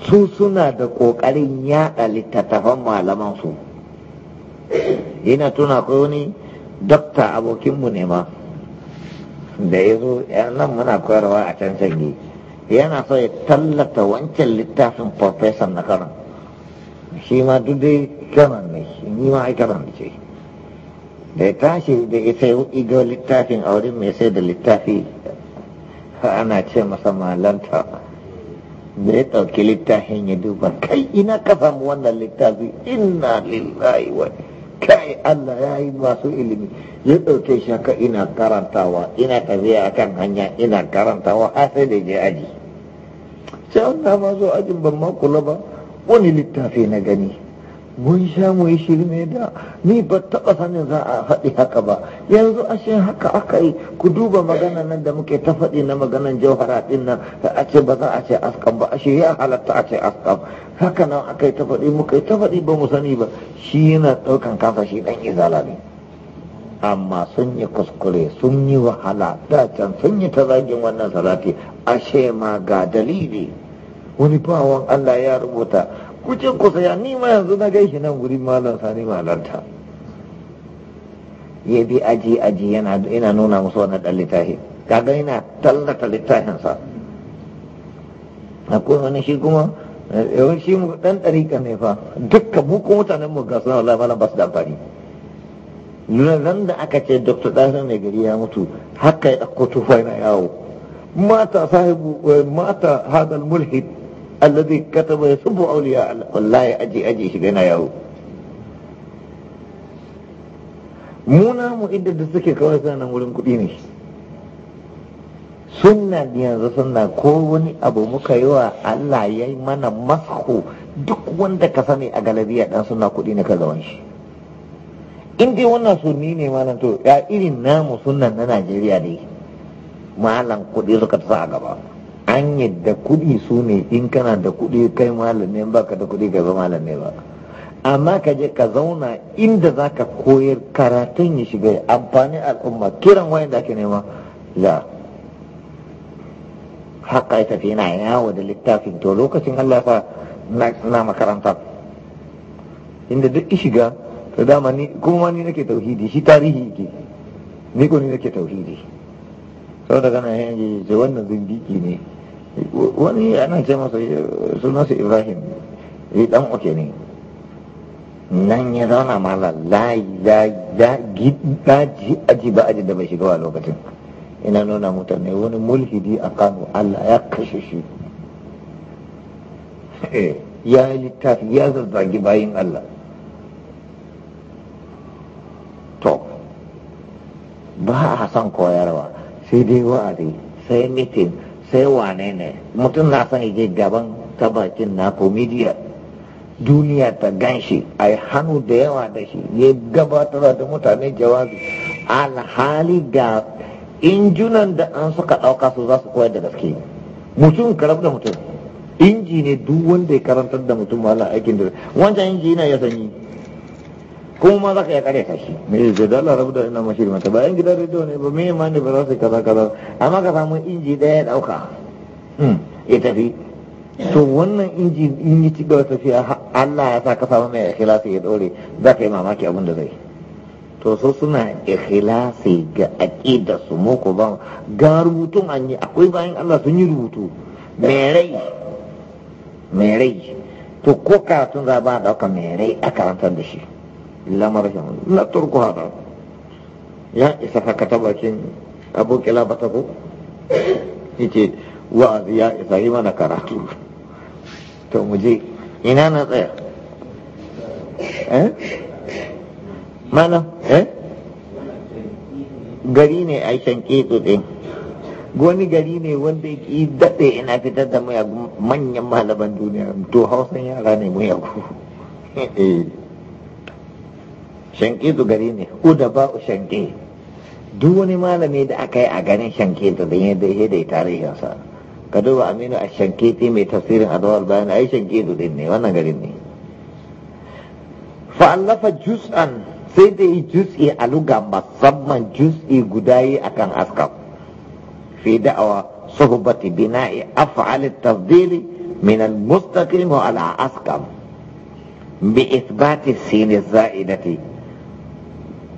su suna da ƙoƙarin yaɗa littattafan malaman su yana tuna ko wani dokta abokinmu ne ma da ya zo nan muna koyarwa a can can yana so ya tallata wancan littafin profesa na karan shi ma duk dai karan ne shi ma ai karan ce da ya tashi da ita ya ido littafin a wurin mai sai da littafi ana ce masa malanta da ya ɗauki littafin ya duba kai ina ka samu wannan littafi inna lillahi wa kai Allah ya yi masu ilimi ya ɗauke shi ina karantawa ina tafiya kan hanya ina karantawa har sai da je aji sai an ma zo ajin ban ma kula ba wani littafi na gani mun sha mu yi shirme da ni ba taɓa sanin za a faɗi haka ba yanzu ashe haka aka yi ku duba magana nan da muke ta faɗi na maganan jauhara ɗin nan a ce ba za a ce askan ba ashe ya halatta a ce askan haka nan aka yi ta faɗi muka yi ta faɗi ba mu sani ba shi yana ɗaukan kansa shi ɗan izala ne amma sun yi kuskure sun yi wahala da can sun yi ta zagin wannan salati ashe ma ga dalili wani bawan Allah ya rubuta ku ce ku saya ni ma yanzu na gaishe nan guri malam sani malarta ya bi aji aji yana nuna musu wani dan littafi kaga yana tallata littafinsa akwai wani shi kuma yawan eh, shi mu dan ɗarika ne fa dukkan mu ko mutanen mu gasu wallahi malam ba su da amfani nan da aka ce dr ɗahir mai gari ya mutu haka ya ɗauko tufa yana yawo mata sahibu eh, mata hadal mulhid alladhi kataba yasubbu awliya Allah wallahi aji aji shi yana yawo mu namu inda da suke kawai sanan wurin kuɗi ne sunna yanzu suna ko wani abu muka yi wa Allah ya yi mana masku duk wanda ka sani a galabiya dan suna kuɗi ne ka zaune shi in dai wannan sunni ne malam to ya irin namu sunan na Najeriya ne malam kuɗi suka sa a gaba an da kuɗi su ne in kana da kuɗi kai ne ba ka da kuɗi ka zama malami ba amma ka je ka zauna inda za ka koyar karatun ya shiga amfani al'umma kiran wayan da ake nema la haka ya tafi yana yawo da littafin to lokacin Allah na makaranta inda duk shiga ta dama ni kuma ni nake tauhidi shi tarihi ke ni ko ni nake tauhidi sau da gana yanzu wannan zindiki ne wani ana ce masa eh, sunansa ibrahim eh, dan uke ne nan ya zauna mala layi layi ji aji ba aji da bai shiga wa lokacin ina nuna mutane wani mulhidi a kano allah ya kashe shi eh, ya yi littafi ya zazzagi bayin allah to ba a san koyarwa sai dai wa'adi sai mitin sai wane ne mutum na son je gaban ta bakin na komediya duniya ta ganshi a yi hannu da yawa da shi ya gabatar da mutane jawabi alhali ga injunan da an suka ɗauka su za su koyar da gaske mutum karab da mutum inji ne duk wanda ya karantar da mutum wala aikin da wancan inji yana ya kuma za ka ya kare ka shi me da Allah rabu da ina mashi mata bayan gidan rido ne ba me ma ne ba za su kaza kaza amma ka samu inji daya ya dauka ya tafi to wannan inji in yi ci gaba tafiya Allah ya sa ka samu mai ikhlasi ya dore za ka yi mamaki abin da zai to so suna ikhlasi ga aqida su mu ko ba ga rubutun an yi akwai bayan Allah sun yi rubutu mai rai mai rai to ko karatun za ba dauka mai rai a karantar da shi lamarashin na turku haɗa ya isa haka ta bakin abokin labata ko yace wa ya isa yi mana karatu to mu je ina na tsaya eh mana eh gari ne a shan ɗin wani gari ne wanda ƙi daɗe ina fitar da mayagu manyan malaban duniya to hausan yara ne mu eh shankitu gari ne uda ba shanke duk wani malami da aka yi a garin shankitu da ya daidai tarihinsa ka duba aminu a shankiti mai tafsirin adawar bayan ai shankitu din ne wannan garin ne fa'allafa jus'an sai da yi juz'i a luga musamman juz'i guda yi kan aska fi da'awa suhbati bina'i af'al at-tafdili min al-mustaqim ala askaf bi ithbati sin zaidati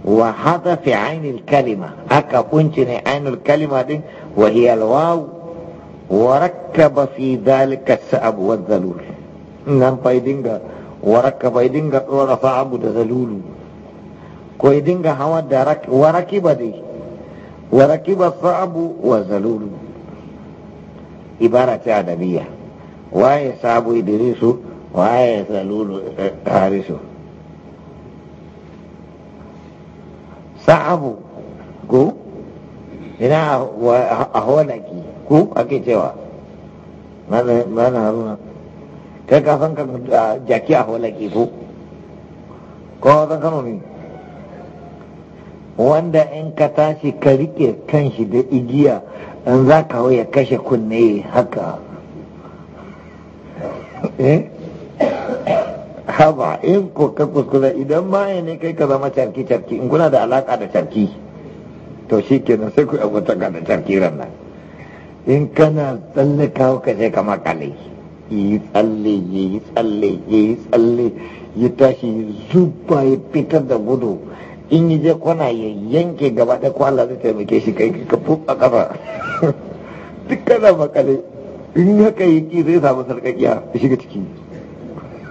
وحذف عين الكلمة أكا كنتني عين الكلمة دي وهي الواو وركب في ذلك السأب والذلول نعم بايدينغا وركب بايدينغا ورفع أبو ذلول كويدينغا هوا درك وركب دي وركب الصعب والذلول عبارة أدبية وهي صعب إدريس وهي ذلول حارسه sa'abu ko ina a ki? ko ake cewa mana haruna kai ka san ka jaki a ki ko ko zan kano ne wanda in ka tashi ka rike kanshi da igiya in za ka ya kashe kunne haka eh haba in ko ka kuskure idan maye ne kai ka zama carki carki in kuna da alaka da carki to shi kenan sai ku abota da carki ran nan in kana tsalle kawo ka sai kama kale yi tsalle yi tsalle yi tsalle yi tashi zuba ya fitar da gudu in yi je kwana ya yanke gaba da kwala zai taimake shi kai ka fuka kafa duk kana makale in haka yi zai samu sarkakiya shiga ciki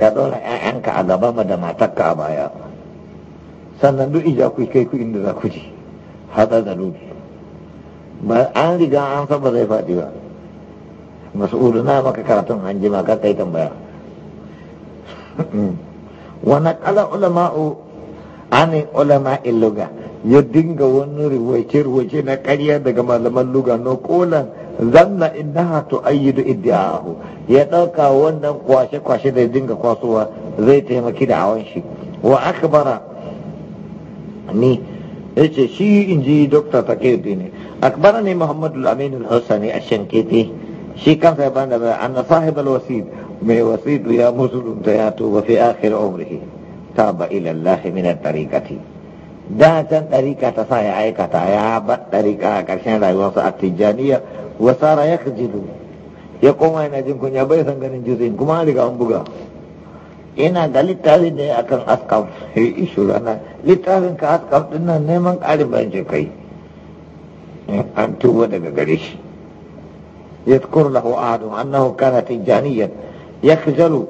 ka ɗora ‘ya'yanka eh, eh, a gaba ma da ka a baya sannan duk ija ku kai ku inda za ku ji haɗa da lubi ba an riga an san zai faɗi ba uru na ah, maka karatun an jima ka kai tambaya hmm. wani kala ulama'u ani ulama luga ya dinga wani rubuce-rubuce na ƙarya daga malaman luga na kolan zanna innaha tu'ayyidu iddi'ahu ya dauka wannan kwashe kwashe da dinga kwasowa zai taimaki da awan shi wa akbara ni yace shi inji dokta takirdi ne akbara ne muhammad al-amin al-husani ash-shankiti shi kansa ya banda anna sahib al-wasid mai wasidu ya musulunta ya tuba fi akhir umrihi taba ila allah min at-tariqati da can ɗarika ta sa ya aikata ya bar ɗarika a ƙarshen rayuwarsa a tijjaniya Wasara tara ya kajidu ya koma yana jin kunya bai san ganin jizin kuma an riga an buga ina ga littafin da ya kan askam ya yi isu rana littafin ka askam din nan neman ƙarin bayan je an tuba daga gare shi ya tukur lahu adam annahu kana tijaniyar ya kajalu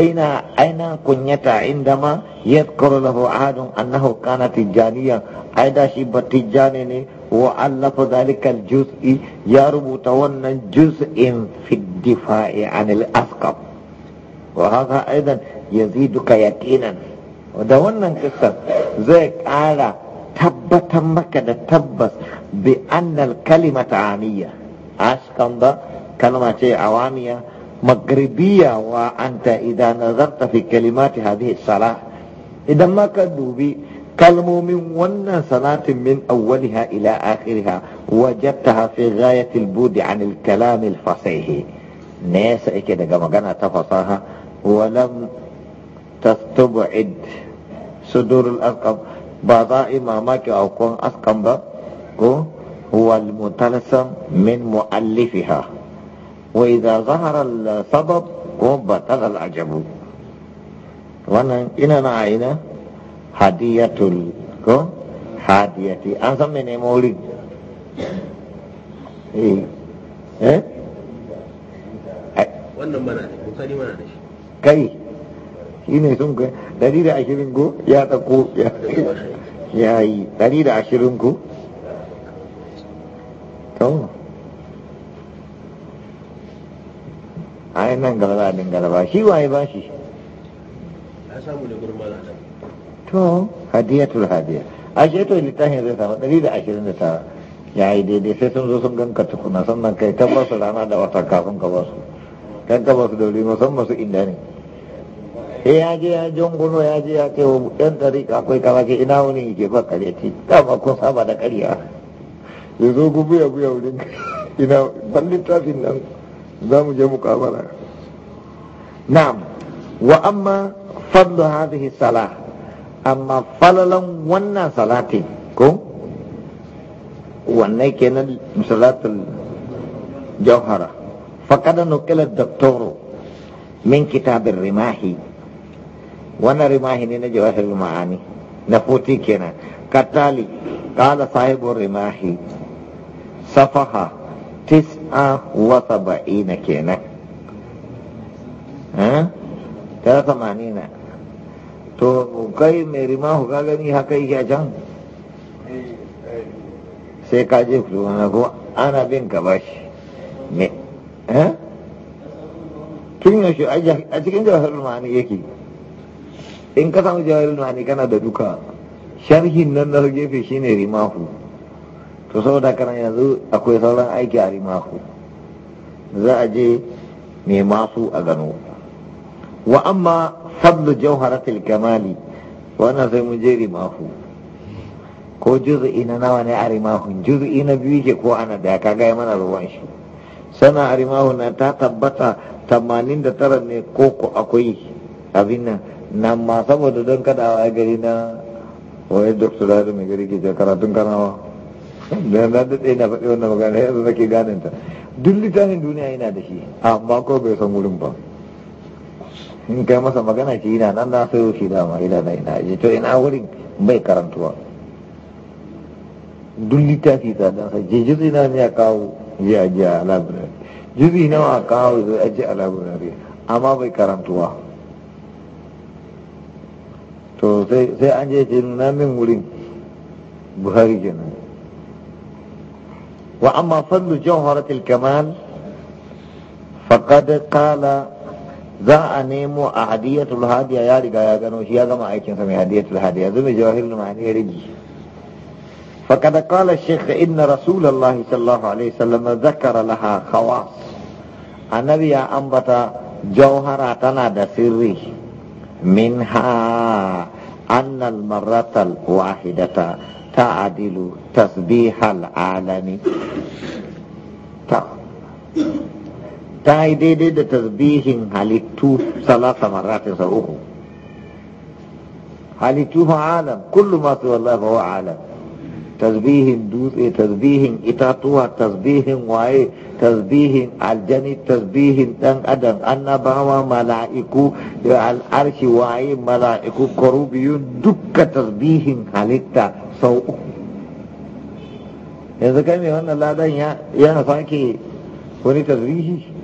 aina aina kunyata inda ma ya tukur lahu na annahu kana tijaniyar da shi ba tijani ne وألف ذلك الجزء يربطون جزء في الدفاع عن الأثقب وهذا أيضا يزيدك يقينا ودونا قصة زيك على تبت مكة تبس بأن الكلمة عامية عشقا ده كلمة شيء عوامية مغربية وأنت إذا نظرت في كلمات هذه الصلاة إذا ما كدوا بي kalmomin wannan salatin min awwaliha ila akhiriha wajadtaha fi ghayati al-budi an al-kalam al-fasih nesa yake daga magana ta fasaha walam tastub'id sudur al-arqam ba za a mamaki a kwan askan ba ko wal mutalsam min mu'allifiha wa idza zahara al-sabab ko batal al-ajabu wannan ina na aina hadiyatul ko hadiyati an san mene maurin eh eh wannan mana ne ko bukari mana ne kai shi ne sun ga dari da ashirin ko ya tsako ya yi dari da ashirin ko to ai nan gaba za a dinga raba shi waye ba shi ya samu da gurma na to hadiyatul hadiya ashe to littafin zai samu ɗari da ashirin da tara ya yi daidai sai sun zo sun ganka tukuna sannan kai ta su rana da wata kafin ka basu kan ka basu dauri musamman su inda ne sai ya je ya jangulo ya je ya ce wa ɗan tariƙa akwai kaza ke ina wani yake ba ƙaryaci dama kun saba da ƙarya ya zo ku buya buya wurin ina ban littafin nan za mu je muƙabala na'am wa amma fadlu hadhihi salah amma falalan wannan salatin ko wannan kenan salatul jauhara faƙada nukilar daktoro min kitabin rimahi wannan rimahi ne na jawahar ma'ani na foti kenan katali rimahi safaha الرماح صفحة bai na كينا ها ثلاثة nina. to kai mai rimahu ka gani haka yake a can sai ka je na ko ana bin ka shi. me eh tun yaushe a cikin jawaharul rumani yake in ka samu jawaharul ma'ani kana da duka sharhin nan na gefe shine rimahu to saboda kana yanzu akwai sauran aiki a rimahu za a je mai masu a gano wa amma fadlu jawharatul kamali wannan sai mun je rimahu ko juz'i nawa ne a rimahun juz'i na biyu ke ko ana da ka gaya mana ruwan shi sana ta tabbata tamanin da tara ne ko ko akwai abin nan nan ma saboda don kada a gari na wai doktora da mai gari ke karatun kanawa da na daɗe na faɗi wannan magana yanzu nake ganin ta duk littafin duniya yana da shi amma ko bai san wurin ba in kai masa magana ce yana nan na sayo shi dama ina na ina ya to ina wurin bai karantuwa duk littafi tsadan sa je jizi na ne a kawo je a je a labirari jizi ina a kawo zai aje a labirari amma bai karantuwa to sai an je ce na min wurin buhari kenan wa amma fallu jawharatul kamal faqad qala za a nemo a hadiyatul hadiya ya riga ya gano shi ya gama aikinsa mai hadiyatul hadiya yanzu mai jawahirul ma'ani ya rigi فقد قال الشيخ إن رسول الله صلى الله عليه وسلم ذكر لها خواص النبي أنبت جوهرة تنادى سري منها أن المرة الواحدة تعدل تسبيح العالم ta yi daidai da tasbihin halittu salasa maratin sau uku halittu fa alam kullu ma fi wallahi fa alam tasbihin dutse tasbihin itatuwa tasbihin waye tasbihin aljani tasbihin dan adam annabawa mala'iku da al'arshi waye mala'iku korubiyun dukka tasbihin halitta sau uku yanzu kai mai wannan ladan ya sake wani tasbihi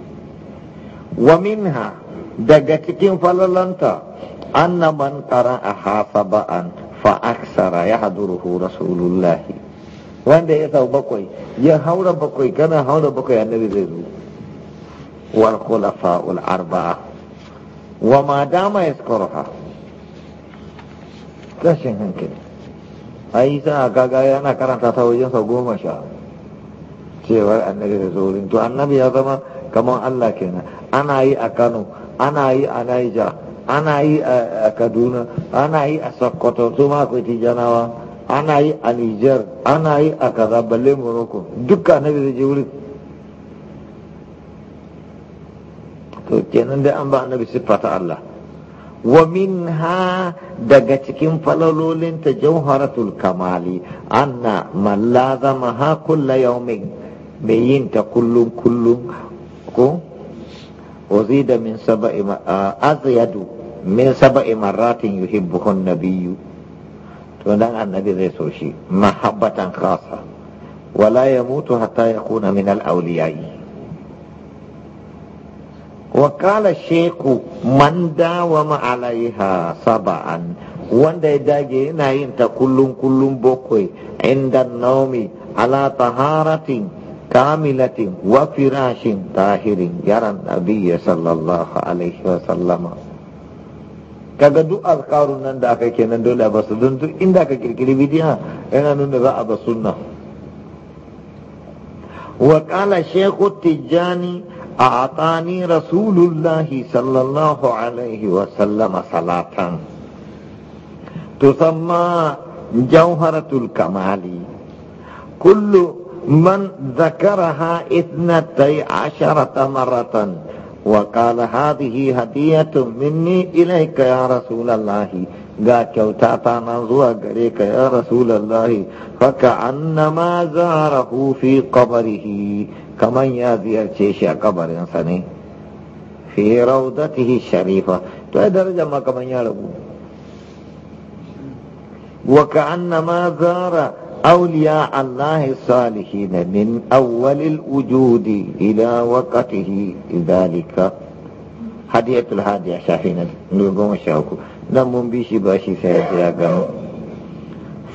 wa minha daga cikin falalanta anna man qara'aha ba'an fa aksara yahduruhu rasulullahi wanda ya sau bakwai ya haura bakwai kana haura bakwai annabi zai zo wal ul arba'a wa ma dama ha. tashin hankali ai sa kaga yana karanta ta wajen sa goma sha cewar annabi da saurin to annabi ya zama kamar Allah kenan ana yi a Kano ana yi a Niger ana yi a Kaduna ana yi a Sokoto su ma akwai janawa, ana yi a Niger ana yi a kaza balle Morocco duka na zai je wurin to kenan dai an ba annabi sifata Allah wa minha daga cikin ta jawharatul kamali anna man lazama ha kullu yawmin mai yin ta kullun kullum anfusiku uzida min sabai uh, azyadu min sabai maratin yuhibbuhun nabiyyu to dan annabi zai so shi mahabbatan kasa. wala yamutu hatta yakuna min al awliyai wa qala shaykhu man dawama alaiha sab'an wanda ya dage yana yin ta kullun kullun bokoi inda naumi ala taharatin كاملة وفراش طاهر يرى النبي sallallahu alaihi wa sallama kaga duk azkarun nan da aka kenan dole a basu don duk inda aka kirkiri bidiya yana nuna za a ba sunna wa shekhu tijjani a a'tani rasulullahi sallallahu alaihi wa sallama salatan sama jauharatul kamali kullu من ذكرها اثنتي عشرة مرة وقال هذه هدية مني إليك يا رسول الله ga kyauta ta nan zuwa gare ka ya rasulallahi faka annama zarahu fi qabrihi kaman ya ziyarce shi a kabarinsa ne fi raudatihi sharifa to ai daraja ma kaman ya rabu wa ka annama zara أولياء الله الصالحين من أول الوجود إلى وقته ذلك هدية الهادية شافينا نقوم شاوكو لم بيشي باشي سيدي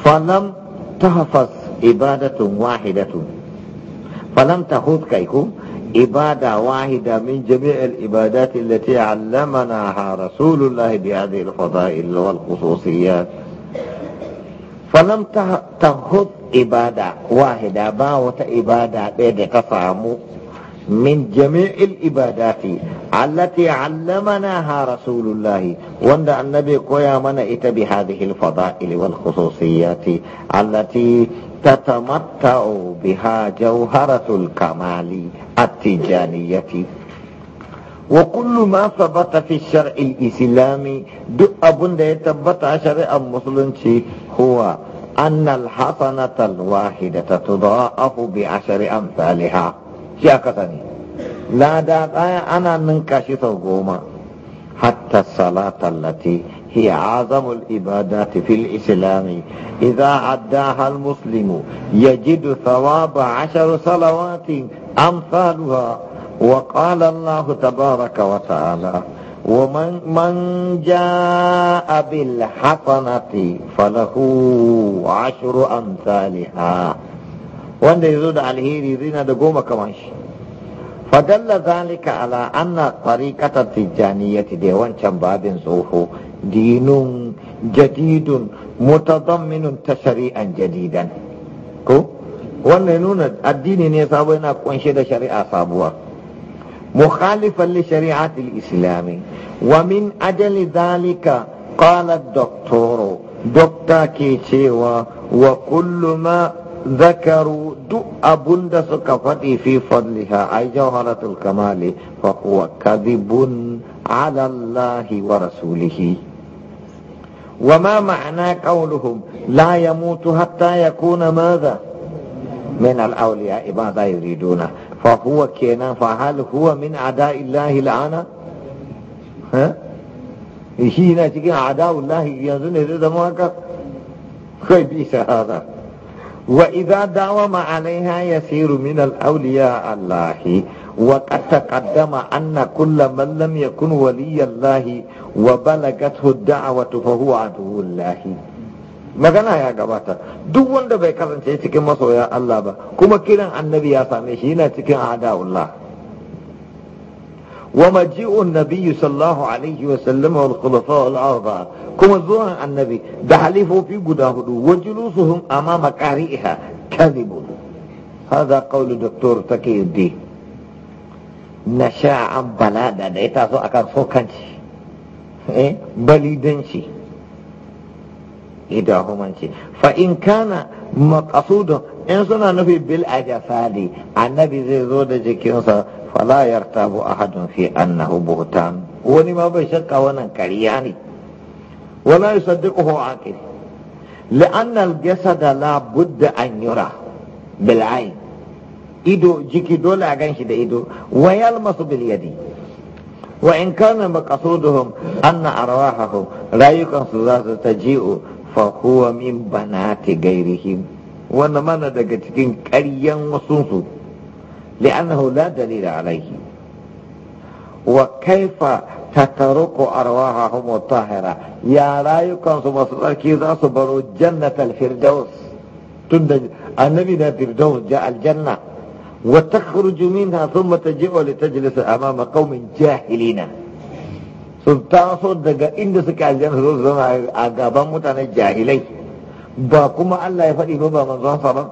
فلم تحفظ عبادة واحدة فلم تخوض كيكو عبادة واحدة من جميع العبادات التي علمناها رسول الله بهذه الفضائل والخصوصيات فلم تنخذ عبادة واحدة ما عبادة بيد كفامو من جميع الإبادات التي علمناها رسول الله وند النبي قويا من إت بهذه الفضائل والخصوصيات التي تتمتع بها جوهرة الكمال التجانية wa kullu ma sabata fi shar'i islami duk abun da ya tabbata shari'ar musulunci huwa annal hasanata alwahidata tudha'afu bi ashri amsalha shi aka la da tsaya ana ninka shi sau goma hatta salata allati هي أعظم العبادات في الإسلام إذا أداها المسلم يجد ثواب عشر صلوات أمثالها وقال الله تبارك وتعالى ومن من جاء بالحسنة فله عشر أمثالها وأن يزود على عليه رزينا دقوم كمانش فدل ذلك على أن طريقة التجانية ديوان باب صوفه دين جديد متضمن تشريعا جديدا كو وأن ينون الدين يصابنا كونشي شريعة صابوه مخالفا لشريعة الإسلام ومن أجل ذلك قال الدكتور دكتور كيشيوا وكل ما ذكروا دو أبند سكفتي في فضلها أي جوهرة الكمال فهو كذب على الله ورسوله وما معنى قولهم لا يموت حتى يكون ماذا من الأولياء ماذا يريدون فهو كينا فهل هو من عداء الله لعنة ها هنا تقول عداء الله يظن هذا دمواك خبيث هذا وإذا داوم عليها يسير من الأولياء الله وقد تقدم أن كل من لم يكن ولي الله وبلغته الدعوة فهو عدو الله magana ya gabata duk wanda bai kasance cikin masoya Allah ba kuma kiran annabi ya same shi yana cikin ada'ullah wa maji'un nabiyyu sallallahu alaihi wa sallam wal khulafa wal arba kuma zuwan annabi da halifofi guda hudu wa julusuhum amama qari'iha kadhibun hada qawlu doktor takiyuddin nasha'an balada da ita so akan sokanci eh balidanci idahumanci fa in kana maqsudun in suna nufi bil ajafali annabi zai zo da jikinsa fala a ahadun fi annahu buhtan wani ma bai shakka wannan kariya ne wala yusaddiquhu aqil لأن الجسد لا بد أن يرى bil'ai. ido jiki dole a gan shi da ido wa masu bil yadi wa in kana maqsuduhum anna arwahahum rayukan su za su taji'u fahuwa min banati gairihim wannan mana daga cikin ƙaryan wasunsu li'annahu la dalila alaihi wa kaifa tataruku arwahahum mutahhira ya rayukansu masu tsarki za su baro jannatal firdaus tunda annabi na firdaus ja aljanna wa takhruju minha thumma taji'u litajlisa amama qaumin jahilina su taso daga inda suke aljanna su zo a gaban mutane jahilai ba kuma Allah ya faɗi ba ba manzon sa ba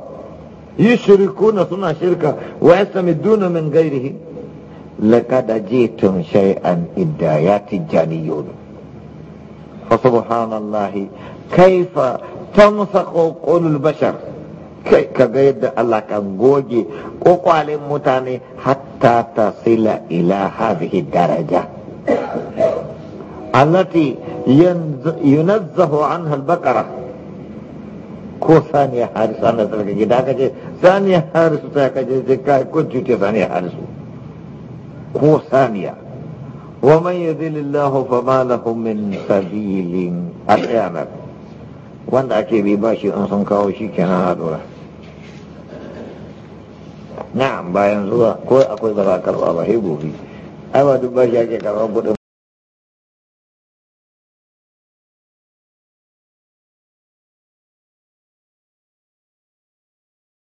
suna shirka wa yastamiduna min ghairihi laqad jitum shay'an idda ya tijaniyun fa subhanallahi kaifa tamsaku qulul bashar kai ka ga yadda Allah kan goge kokwalin mutane hatta tasila ila hadhihi daraja التي ينزه an البقرة ko saniya harisu ana tsarka gida aka ce saniya harisu ta kaje sai ka ko cuce saniya harisu ko saniya wa man yudhilillahu fama lahu min sabilin al-qiyamah wanda ake bi bashi in sun kawo shi kenan a dora na'am bayan zuwa ko akwai da ba karba ba sai gobe ai ba duk ba shi ake karɓar kuɗin